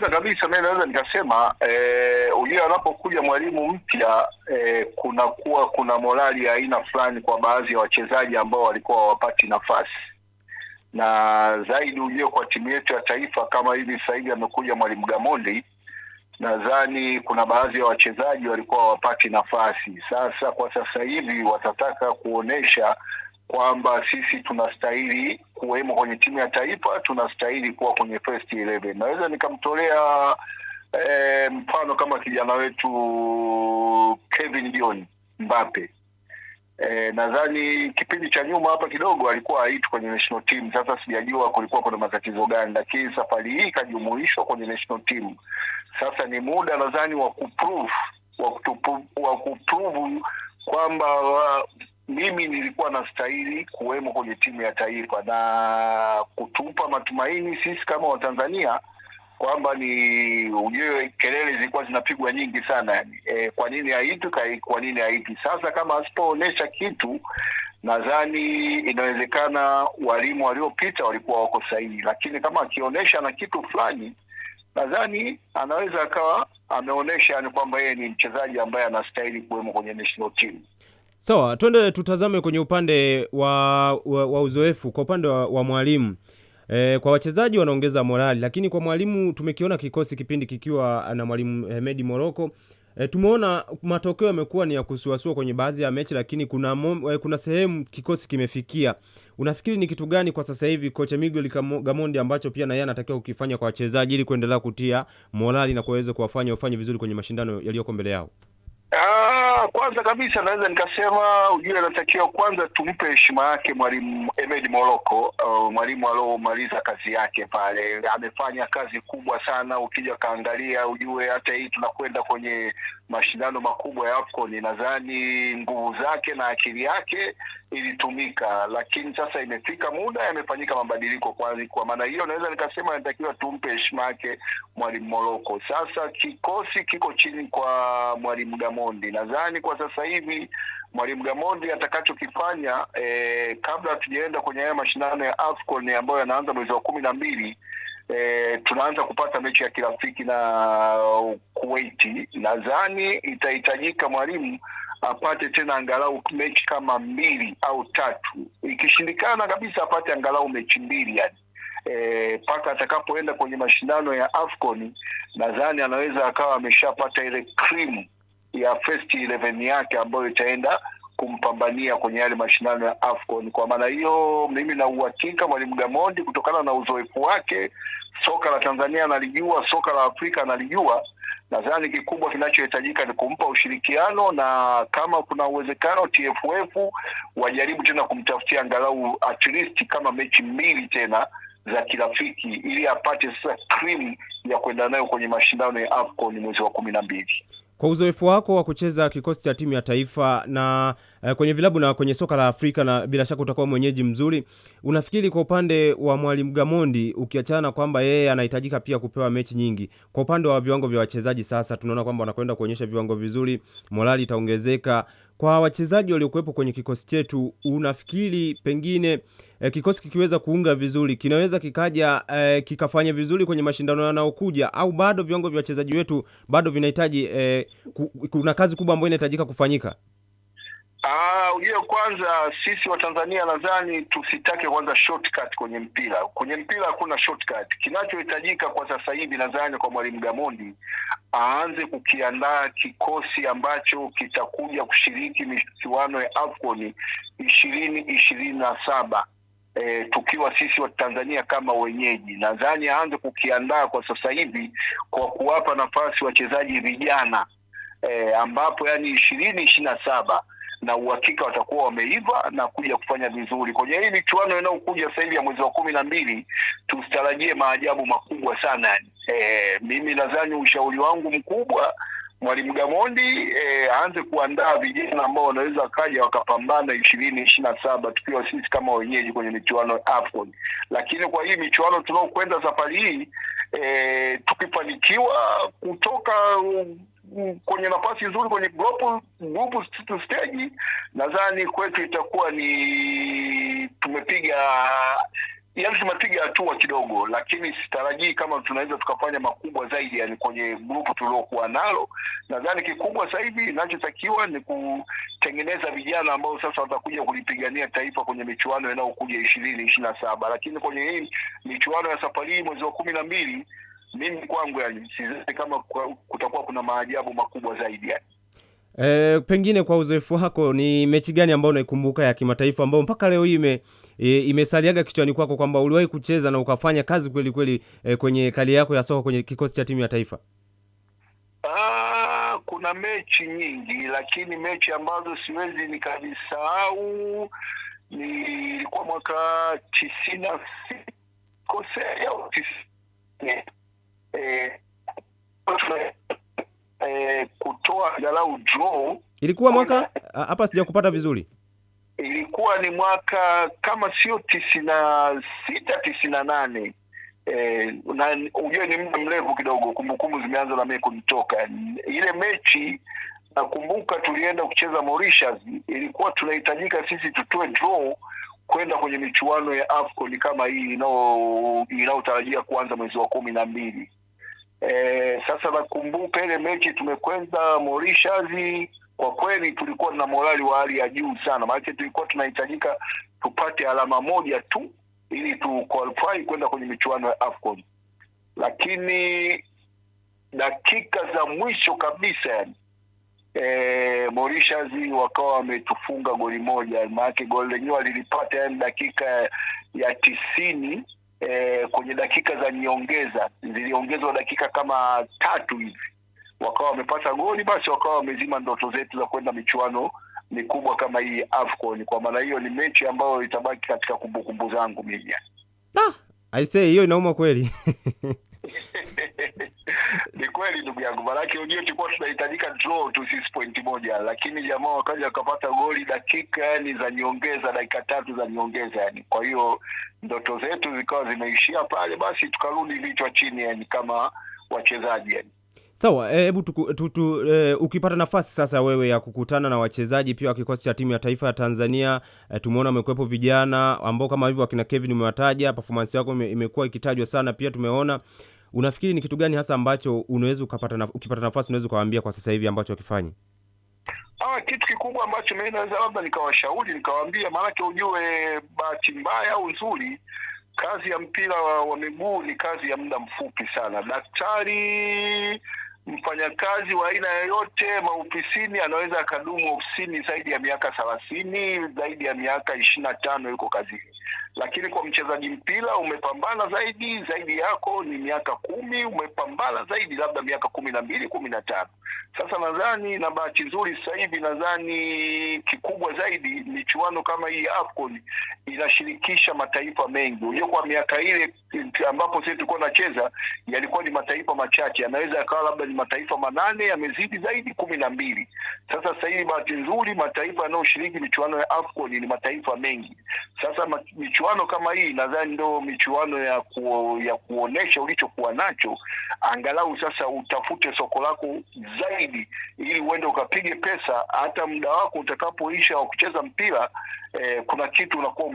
kwanza kabisa mimi naweza nikasema ujue, eh, anapokuja mwalimu mpya eh, kunakuwa kuna morali ya aina fulani kwa baadhi ya wachezaji ambao walikuwa hawapati nafasi, na zaidi ujue kwa timu yetu ya taifa kama hivi sasa hivi amekuja mwalimu Gamondi, nadhani kuna baadhi ya wachezaji walikuwa hawapati nafasi. Sasa kwa sasa hivi watataka kuonesha kwamba sisi tunastahili kuwemo kwenye timu ya taifa, tunastahili kuwa kwenye first eleven Naweza nikamtolea eh, mfano kama kijana wetu Kevin John mbape E, eh, nadhani kipindi cha nyuma hapa kidogo alikuwa aitu kwenye national team. Sasa sijajua kulikuwa kuna matatizo gani, lakini safari hii ikajumuishwa kwenye national team. Sasa ni muda nadhani wa kuprove wa wa kuprove kwamba mimi nilikuwa nastahili kuwemo kwenye timu ya taifa na kutupa matumaini sisi kama Watanzania kwamba ni ujue, kelele zilikuwa zinapigwa nyingi sana e, kwa nini haitu kwa nini haiti? Sasa kama asipoonyesha kitu, nadhani inawezekana walimu waliopita walikuwa wako sahihi, lakini kama akionyesha na kitu fulani, nadhani anaweza akawa ameonyesha yani kwamba yeye ni mchezaji ambaye anastahili kuwemo kwenye national team. Sawa, twende tutazame kwenye upande wa, wa, wa uzoefu kwa upande wa, wa mwalimu e, kwa wachezaji wanaongeza morali, lakini kwa mwalimu tumekiona kikosi kipindi kikiwa na mwalimu Hemedi Moroko e, eh, tumeona matokeo yamekuwa ni ya kusuasua kwenye baadhi ya mechi, lakini kuna, mom, e, eh, kuna sehemu kikosi kimefikia. Unafikiri ni kitu gani kwa sasa hivi kocha Miguel Gamondi ambacho pia na yeye anatakiwa kukifanya kwa wachezaji ili kuendelea kutia morali na kuweza kuwafanya wafanye vizuri kwenye mashindano yaliyoko mbele yao? Ah, kwanza kabisa naweza nikasema ujue, anatakiwa kwanza tumpe heshima yake mwalimu emed Moroko. Uh, mwalimu aliomaliza kazi yake pale, amefanya kazi kubwa sana. Ukija kaangalia ujue, hata hii tunakwenda kwenye mashindano makubwa ya AFCON, nadhani nguvu zake na akili yake ilitumika, lakini sasa imefika muda, yamefanyika mabadiliko. Kwa, kwa maana hiyo naweza nikasema anatakiwa tumpe heshima yake mwalimu Moroko. Sasa kikosi kiko chini kwa mwalimu Gamondi, nadhani kwa sasa hivi mwalimu Gamondi atakachokifanya eh, kabla hatujaenda kwenye haya mashindano ya AFCON ambayo yanaanza mwezi wa kumi na mbili e, tunaanza kupata mechi ya kirafiki na Kuwait. Nadhani itahitajika mwalimu apate tena angalau mechi kama mbili au tatu, ikishindikana kabisa apate angalau mechi mbili yani e, mpaka e, atakapoenda kwenye mashindano ya AFCON nadhani anaweza akawa ameshapata ile krimu ya first 11 yake ambayo itaenda kumpambania kwenye yale mashindano ya AFCON. Kwa maana hiyo, mimi na uhakika Mwalimu Gamondi kutokana na uzoefu wake, soka la Tanzania analijua, soka la Afrika analijua. Nadhani kikubwa kinachohitajika ni kumpa ushirikiano, na kama kuna uwezekano TFF wajaribu tena kumtafutia angalau at least kama mechi mbili tena za kirafiki ili apate sasa cream ya kwenda nayo kwenye mashindano ya AFCON mwezi wa kumi na mbili. Kwa uzoefu wako wa kucheza kikosi cha timu ya taifa na uh, kwenye vilabu na kwenye soka la Afrika na bila shaka utakuwa mwenyeji mzuri, unafikiri kwa upande wa Mwalimu Gamondi, ukiachana kwamba yeye anahitajika pia kupewa mechi nyingi, kwa upande wa viwango vya wachezaji sasa tunaona kwamba wanakwenda kuonyesha viwango vizuri, morali itaongezeka. Kwa wachezaji waliokuwepo kwenye kikosi chetu, unafikiri pengine eh, kikosi kikiweza kuunga vizuri kinaweza kikaja eh, kikafanya vizuri kwenye mashindano yanayokuja, au bado viwango vya wachezaji wetu bado vinahitaji eh, kuna kazi kubwa ambayo inahitajika kufanyika? Ah, ujue kwanza, sisi Watanzania nadhani tusitake kwanza shortcut kwenye mpira. Kwenye mpira hakuna shortcut. Kinachohitajika kwa sasa hivi nadhani kwa mwalimu Gamondi aanze kukiandaa kikosi ambacho kitakuja kushiriki michuano ya AFCON ishirini ishirini na saba. E, tukiwa sisi wa Tanzania kama wenyeji, nadhani aanze kukiandaa kwa sasa hivi kwa kuwapa nafasi wachezaji vijana e, ambapo yani ishirini ishirini na saba na uhakika watakuwa wameiva na kuja kufanya vizuri kwenye hii michuano inayokuja sasa hivi ya mwezi wa kumi na mbili. Tusitarajie maajabu makubwa sana. E, mimi nadhani ushauri wangu mkubwa Mwalimu Gamondi eh, aanze kuandaa vijana ambao wanaweza wakaja wakapambana ishirini ishirini na saba tukiwa sisi kama wenyeji kwenye michuano AFCON. Lakini kwa hii michuano tunaokwenda safari hii e, tukifanikiwa kutoka kwenye nafasi nzuri kwenye group group stage, nadhani kwetu itakuwa ni tumepiga yani tumepiga hatua kidogo, lakini sitarajii kama tunaweza tukafanya makubwa zaidi yani kwenye grupu tuliokuwa nalo. Nadhani kikubwa sasa hivi inachotakiwa ni kutengeneza vijana ambao sasa watakuja kulipigania taifa kwenye michuano inayokuja ishirini ishirini na saba, lakini kwenye hii michuano ya safari hii mwezi wa kumi na mbili mimi kwangu yani sidhani kama kutakuwa kuna maajabu makubwa zaidi yani. E, pengine kwa uzoefu wako ni mechi gani ambayo unaikumbuka ya kimataifa ambayo mpaka leo hii ime, e, imesaliaga kichwani kwako kwamba uliwahi kucheza na ukafanya kazi kweli kweli e, kwenye kali yako ya soka kwenye kikosi cha timu ya taifa? Aa, ah, kuna mechi nyingi lakini mechi ambazo siwezi nikazisahau ni kwa mwaka tisini na kosea au tisini kutoa eh, angalau draw. Ilikuwa mwaka hapa, sijakupata vizuri. Ilikuwa ni mwaka kama sio tisini na sita tisini na nane eh, na ujue ni muda mrefu kidogo, kumbukumbu zimeanza na mimi kunitoka. Ile mechi nakumbuka tulienda kucheza Mauritius, ilikuwa tunahitajika sisi tutoe draw kwenda kwenye michuano ya AFCON kama hii inayotarajia kuanza mwezi wa kumi na mbili E, sasa nakumbuka ile mechi tumekwenda Mauritius, kwa kweli tulikuwa na morali wa hali ya juu sana, maanake tulikuwa tunahitajika tupate alama moja tu ili tu qualify kwenda kwenye michuano ya AFCON, lakini dakika za mwisho kabisa yani e, Mauritius wakawa wametufunga goli moja, maanake goli lenyewe lilipata yani dakika ya tisini e, kwenye dakika za nyongeza ziliongezwa dakika kama tatu hivi, wakawa wamepata goli, basi wakawa wamezima ndoto zetu za kwenda michuano mikubwa kama hii AFCON. Kwa maana hiyo ni mechi ambayo itabaki katika kumbukumbu zangu mimi. Ah, I say hiyo inauma kweli Ni kweli ndugu yangu, maanake ujue tulikuwa tunahitajika draw tu sisi pointi moja, lakini jamaa wakaja wakapata goli dakika yani za nyongeza, dakika tatu za nyongeza yani. Kwa hiyo ndoto zetu zikawa zimeishia pale, basi tukarudi vichwa chini yani kama wachezaji yani. Sawa, eh, hebu e, ukipata nafasi sasa wewe ya kukutana na wachezaji pia wa kikosi cha timu ya taifa ya Tanzania e, tumeona umekuwepo vijana ambao kama hivyo wakina Kevin umewataja, performance yako imekuwa ikitajwa sana, pia tumeona unafikiri ni kitu gani hasa ambacho unaweza ukapata naf ukipata nafasi unaweza ukawaambia kwa sasa hivi ambacho wakifanya Ah, kitu kikubwa ambacho mi naweza labda nikawashauri nikawaambia, maanake ujue, bahati mbaya au nzuri, kazi ya mpira wa, wa miguu ni kazi ya muda mfupi sana. Daktari, mfanyakazi wa aina yoyote maofisini, anaweza akadumu ofisini zaidi ya miaka thelathini, zaidi ya miaka ishirini na tano yuko kazini lakini kwa mchezaji mpira umepambana zaidi zaidi yako ni miaka kumi, umepambana zaidi labda miaka kumi na mbili kumi na tano. Sasa nadhani na bahati nzuri sasahivi hivi nadhani kikubwa zaidi michuano kama hii AFCON inashirikisha mataifa mengi. Unajua, kwa miaka ile ambapo sisi tulikuwa nacheza yalikuwa ni mataifa machache, yanaweza yakawa labda ni mataifa manane, yamezidi zaidi kumi na mbili. Sasa sasa hivi bahati nzuri mataifa yanayoshiriki michuano ya AFCON ni mataifa mengi sasa michuano kama hii nadhani ndo michuano ya ku, ya kuonesha ulichokuwa nacho, angalau sasa utafute soko lako zaidi, ili uende ukapige pesa, hata muda wako utakapoisha wa kucheza mpira eh, kuna kitu unakuwa